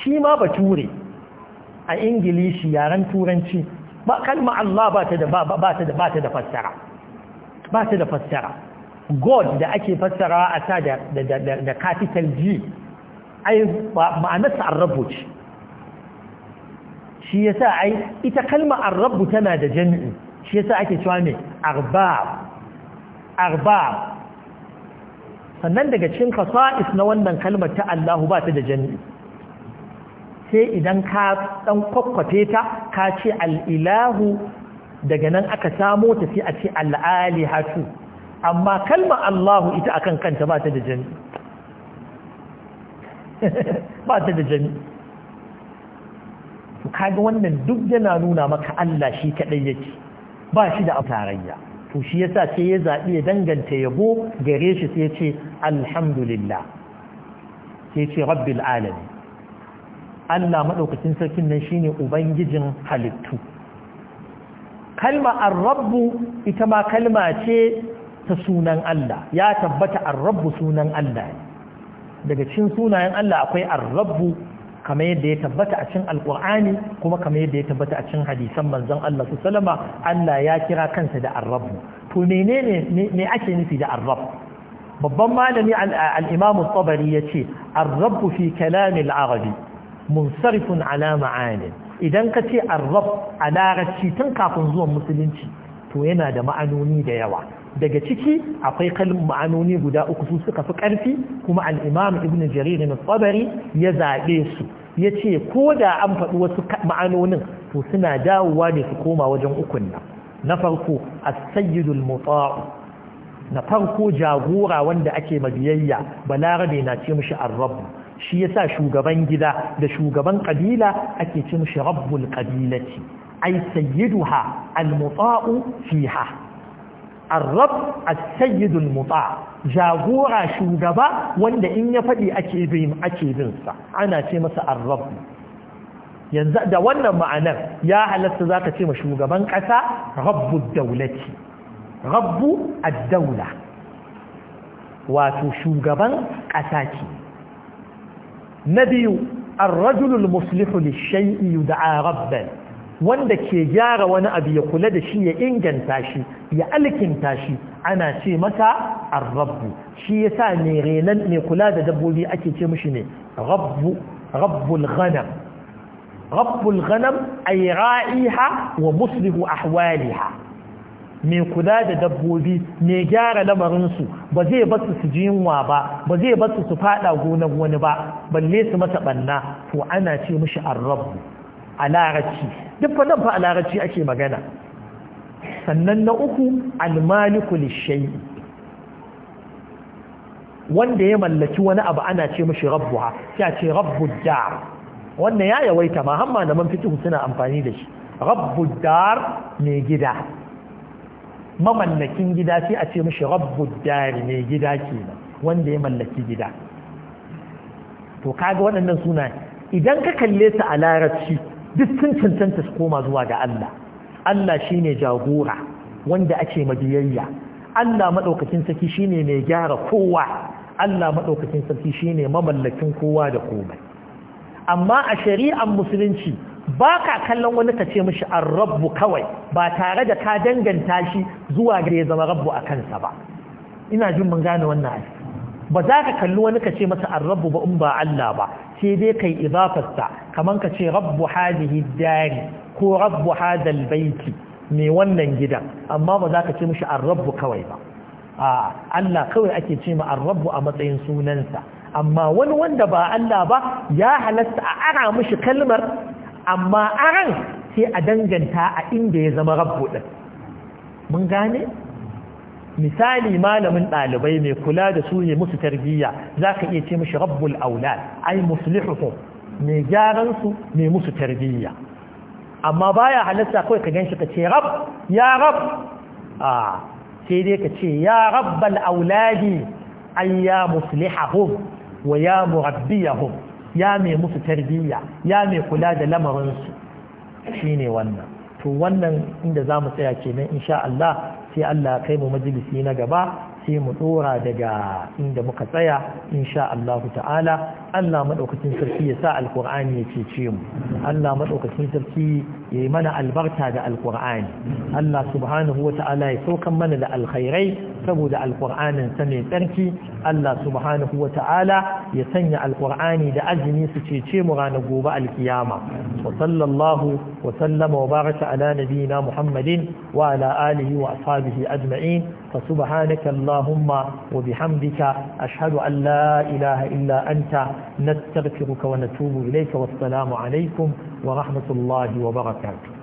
shi ma bature a ingilishi yaren turanci ba kalmar Allah ba ta da fassara ba ta da fassara god da ake fassara a ta da capital g ai ma'anarsa arrabu ce shi yasa ai ita kalma arrabu tana da jami'i shi yasa ake cewa ne arbab arbab sannan daga cikin fasa'is na wannan kalmar ta Allahu ba ta da jami'i sai idan ka dan kwakwafe ta ka ce al ilahu daga nan aka samo ta sai a ce hatu amma kalma Allahu ita akan kanta ba ta da jami ba ta da jami kaga wannan duk yana nuna maka Allah shi kadai yake ba shi da tarayya to shi yasa sai ya zaɓi ya danganta yabo gare shi sai ya ce alhamdulillah sai ya ce rabbil alamin Allah maɗaukacin sarkin nan shine ubangijin halittu kalma arrabu ita ma kalma ce ta sunan Allah ya tabbata arrabu sunan Allah daga cikin sunayen Allah akwai arrabu kamar yadda ya tabbata a cikin alkur'ani kuma kamar yadda ya tabbata a cikin hadisan manzon Allah su salama Allah ya kira kansa da arrabu to menene me ake nufi da arrab babban malami al-imam at-tabari yace arrab fi kalam al-arabi munsarifun ala ma'anin idan ka ce arraf a larabci tun kafin zuwan musulunci to yana da ma'anoni da yawa daga ciki akwai kalin ma'anoni guda uku su suka fi ƙarfi kuma al'imam ibn jarir na tsabari ya zaɓe su ya ce ko da an faɗi wasu ma'anonin to suna dawowa ne su koma wajen ukun nan na farko a sayyidul mutsa'u na farko jagora wanda ake mabiyayya balarabe na ce mishi arrabu shi yasa shugaban gida da shugaban ƙabila ake ce mishi rabbul qabilati ay sayyiduha al ha. Arab a السيد المطاع jagora shugaba wanda in ya faɗi ake binsa, ana ce masa ar yanzu da wannan ma'anar ya halatta zaka ce ma shugaban ƙasa rabbu dawlati rabbu ad-dawla wato shugaban ƙasa ce نبي الرجل المصلح للشيء يدعى ربا wanda ke gyara wani abu ya kula da shi ya inganta shi ya alkinta shi ana ce mata arrabbu shi yasa mai renan mai kula da dabbobi ake ce mishi ne rabbu rabbul ghanam rabbul ghanam ay ra'iha wa muslihu ahwaliha mai kula da dabbobi mai gyara lamarinsu ba zai basu su ji yunwa ba ba zai basu su fada gonar wani ba balle su masa banna to ana ce mishi arrabu a larabci duk fa nan fa a larabci ake magana sannan na uku almaliku lishai wanda ya mallaki wani abu ana ce mishi rabbuha ya ce rabbu dar wannan ya yawaita ma hamma da man fiqh suna amfani da shi rabbu dar mai gida mamallakin gida sai a ce mishi rabbud dari mai gida kenan wanda ya mallaki gida to kaga waɗannan suna idan ka kalle su a larabci duk sun cancanta su koma zuwa ga Allah Allah shine jagora wanda ake mabiyayya Allah madaukakin sarki shine mai gyara kowa Allah madaukakin sarki shine mamallakin kowa da komai amma a shari'ar musulunci ba ka kallon wani ka ce mishi an rabu kawai ba tare da ka danganta shi zuwa ga ya zama rabu a kansa ba ina jin mun gane wannan aiki ba za ka kalli wani ka ce masa an rabu ba in ba Allah ba sai dai kai idafarsa kamar ka ce rabu hadihi dari ko rabu hadal baiti mai wannan gidan amma ba za ka ce mishi an rabu kawai ba a Allah kawai ake ce ma an rabu a matsayin sunansa amma wani wanda ba Allah ba ya halasta a ara mishi kalmar amma aran sai a danganta a inda ya zama rabbu din mun gane misali malamin ɗalibai mai kula da su ne musu tarbiyya za ka iya ce mashi rabbul aulad ai muslihuhum mai gyaran su mai musu tarbiyya amma baya halatta kawai ka ganshi ka ce rab ya rab a sai dai ka ce ya rabbal auladi ai ya muslihahum wa ya murabbiyahum ya mai musu tarbiyya ya mai kula da lamarinsu shine wannan to wannan inda za mu tsaya kenan insha Allah sai Allah kai mu majalisi na gaba sai mu dora daga inda muka tsaya insha Allah ta'ala Allah madaukakin sarki ya sa alqur'ani ya cece mu Allah madaukakin sarki ya yi mana albarka da alqur'ani Allah subhanahu wa ta'ala ya saukan mana da alkhairai saboda alqur'anin sa ne tsarki Allah subhanahu wa ta'ala ya sanya alqur'ani da azumi su cece mu ranar gobe alkiyama wa sallallahu wa sallama wa baraka ala nabiyyina Muhammadin wa ala alihi wa ashabihi ajma'in فسبحانك اللهم وبحمدك أشهد أن لا إله إلا أنت نستغفرك ونتوب إليك والسلام عليكم ورحمة الله وبركاته